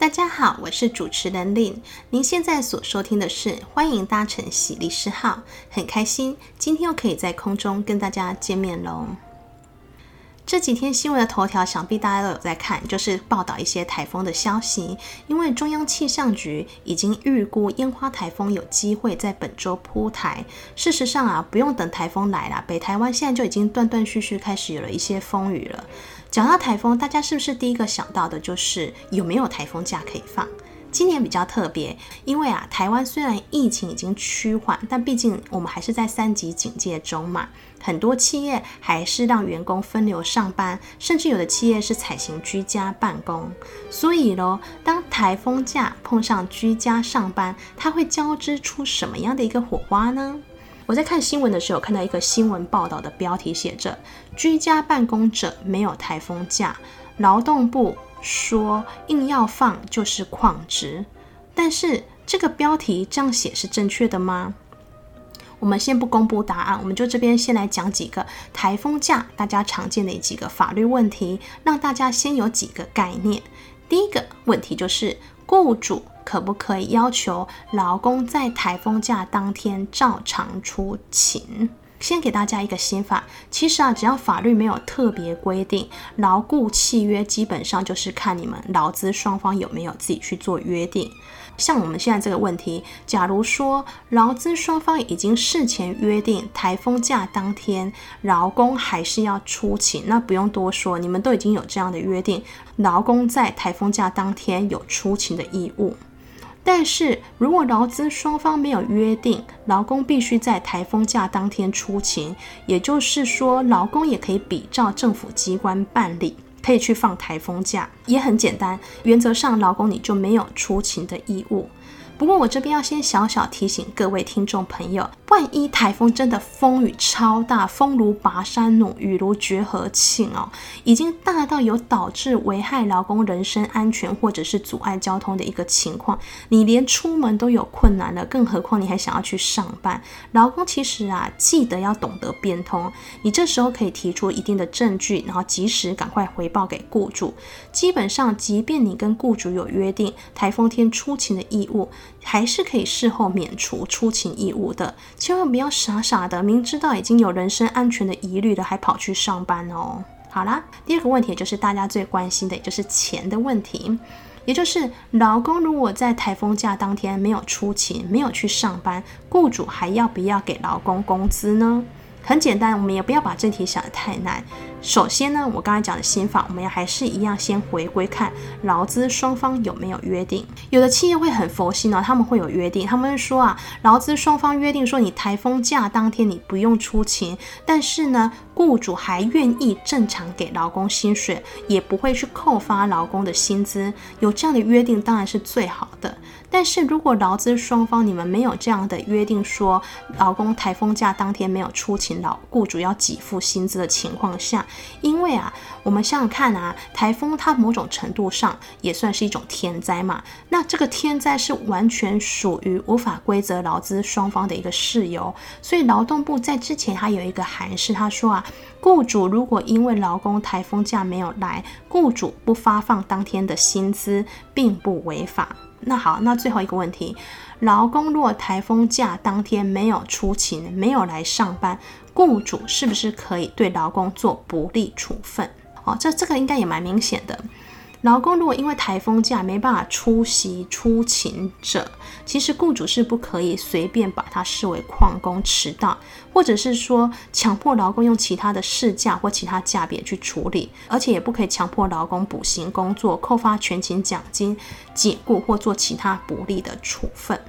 大家好，我是主持人 Lynne。您現在所收聽的是《歡迎搭乘喜利士號》，很開心今天又可以在空中跟大家見面嘍。這幾天新聞的頭條想必大家都有在看，就是報道一些台風的消息。因為中央氣象局已經預估煙花台風有機會在本周撲台。事實上啊，不用等台風來啦，北台灣現在就已經斷斷續續開始有了一些風雨了。講到台風，大家是不是第一個想到的就是有沒有台風假可以放？今年比較特別，因為啊，台灣雖然疫情已經趨緩，但畢竟我們還是在三級警戒中嘛，很多企業還是讓員工分流上班，甚至有的企業是採行居家辦公。所以咯，當台風假碰上居家上班，它會交織出什麼樣的一個火花呢？我在看新聞的時候，看到一個新聞報道的標題，寫着“居家辦公者沒有台風假”。勞動部說，硬要放就是曠職。但是這個標題這樣寫是正確的嗎？我們先不公布答案，我們就這邊先來講幾個台風假大家常見的幾個法律問題，讓大家先有幾個概念。第一個問題就是。雇主可不可以要求勞工在颱風假當天照常出勤？先給大家一個心法，其實啊，只要法律沒有特別規定，勞僱契約基本上就是看你們勞資雙方有沒有自己去做約定。像我們現在這個問題，假如說勞資雙方已經事前約定颱風假當天勞工還是要出勤，那不用多說，你們都已經有這樣的約定，勞工在颱風假當天有出勤的義務。但是如果勞資雙方沒有約定，勞工必須在台風假當天出勤，也就是說，勞工也可以比照政府機關辦理，可以去放台風假。也很簡單。原則上，勞工你就沒有出勤的義務。不過我這邊要先小小提醒各位聽眾朋友，萬一台風真的風雨超大，風如拔山怒，雨如決河傾哦，已經大到有導致危害勞工人身安全，或者是阻礙交通的一個情況，你連出門都有困難了，更何況你還想要去上班？勞工其實啊，記得要懂得變通，你這時候可以提出一定的證據，然後及時趕快回報給雇主。基本上，即便你跟雇主有約定台風天出勤的義務。還是可以事後免除出勤義務的，千萬不要傻傻的明知道已經有人身安全的疑慮了，還跑去上班哦。好啦，第二個問題就是大家最關心的，也就是錢的問題，也就是，勞工如果在台風假當天沒有出勤，沒有去上班，雇主還要不要給勞工工資呢？很簡單，我們也不要把這題想得太難。首先呢，我剛才講的新法，我們要還是一樣先回歸看勞資雙方有沒有約定。有的企業會很佛心哦，他們會有約定，他們會說啊，勞資雙方約定說，你台風假當天你不用出勤，但是呢，雇主還願意正常給勞工薪水，也不會去扣發勞工的薪資。有這樣的約定當然是最好的。但是如果勞資雙方你們沒有這樣的約定說，說勞工台風假當天沒有出勤，勞雇主要給付薪資的情況下。因為啊，我們想想看啊，台風它，某種程度上也算是一種天災嘛。那這個天災是完全屬於無法歸責勞資雙方的一個事由，所以勞動部在之前它有一個函釋。他說啊，僱主如果因為勞工台風假沒有來，僱主不發放當天的薪資，並不違法。那好，那最後一個問題，勞工如果台風假當天沒有出勤，沒有來上班，雇主是不是可以對勞工做不利處分？哦，這這個應該也蠻明顯的。勞工如果因為台風假沒辦法出席出勤者。其實，雇主是不可以隨便把他視為曠工、遲到，或者是說強迫勞工用其他的事假或其他假別去處理，而且也不可以強迫勞工補行工作、扣发全勤獎金、解雇或做其他不利的處分。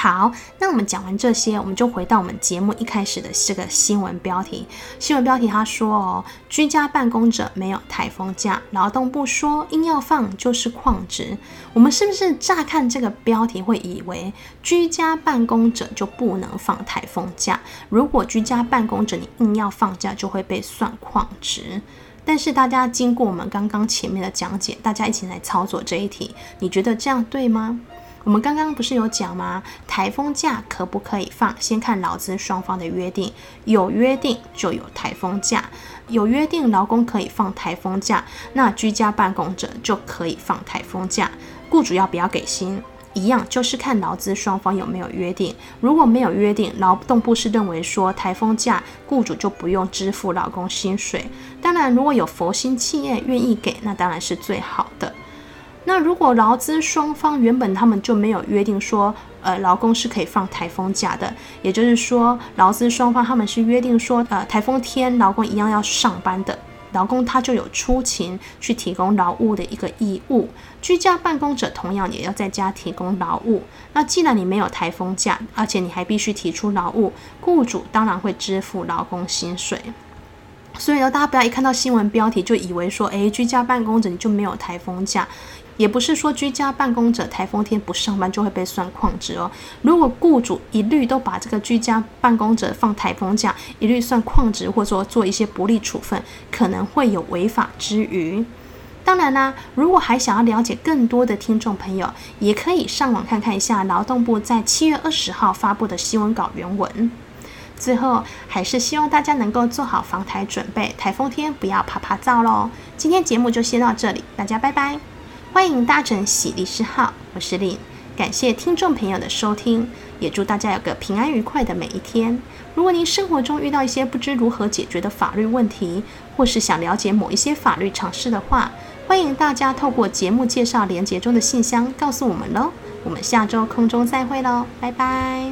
好，那我們講完這些，我們就回到我們節目一開始的這個新聞標題。新聞標題他說：“哦，居家辦公者沒有颱風假，勞動部說硬要放就是曠職。”我們是不是乍看這個標題會以為居家辦公者就不能放颱風假？如果居家辦公者你硬要放假，就會被算曠職？但是大家經過我們剛剛前面的講解，大家一起來操作這一題，你覺得這樣對嗎？我們剛剛不是有講嗎？颱風假可不可以放？先看勞資雙方的約定，有約定就有颱風假，有約定勞工可以放颱風假，那居家辦公者就可以放颱風假。雇主要不要給薪，一樣就是看勞資雙方有沒有約定。如果沒有約定，勞動部是認為說颱風假雇主就不用支付勞工薪水。當然，如果有佛心企業願意給，那當然是最好。那如果勞資雙方原本他們就沒有約定說，呃，勞工是可以放颱風假的，也就是說，勞資雙方他們是約定說，呃，颱風天勞工一樣要上班的，勞工他就有出勤去提供勞務的一個義務。居家辦公者同樣也要在家提供勞務。那既然你沒有颱風假，而且你還必須提出勞務，雇主當然會支付勞工薪水。所以呢，大家不要一看到新聞標題就以為說，誒，居家辦公者你就沒有颱風假。也不是說居家辦公者台風天不上班就會被算曠職哦。如果雇主一律都把這個居家辦公者放台風假，一律算曠職，或者說做一些不利處分，可能會有違法之虞。當然啦、啊，如果還想要了解更多的聽眾朋友，也可以上網看看一下勞動部在七月二十號發布的新聞稿原文。最後，還是希望大家能夠做好防台準備，台風天不要趴趴走嘍。今天節目就先到這裡，大家拜拜。歡迎搭乘喜律師號，我是林，感謝聽眾朋友的收聽，也祝大家有個平安愉快的每一天。如果您生活中遇到一些不知如何解決的法律問題，或是想了解某一些法律常識的話，歡迎大家透過節目介紹連接中的信箱告訴我們嘍。我們下周空中再會嘍，拜拜。